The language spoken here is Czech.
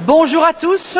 bonjour à tous.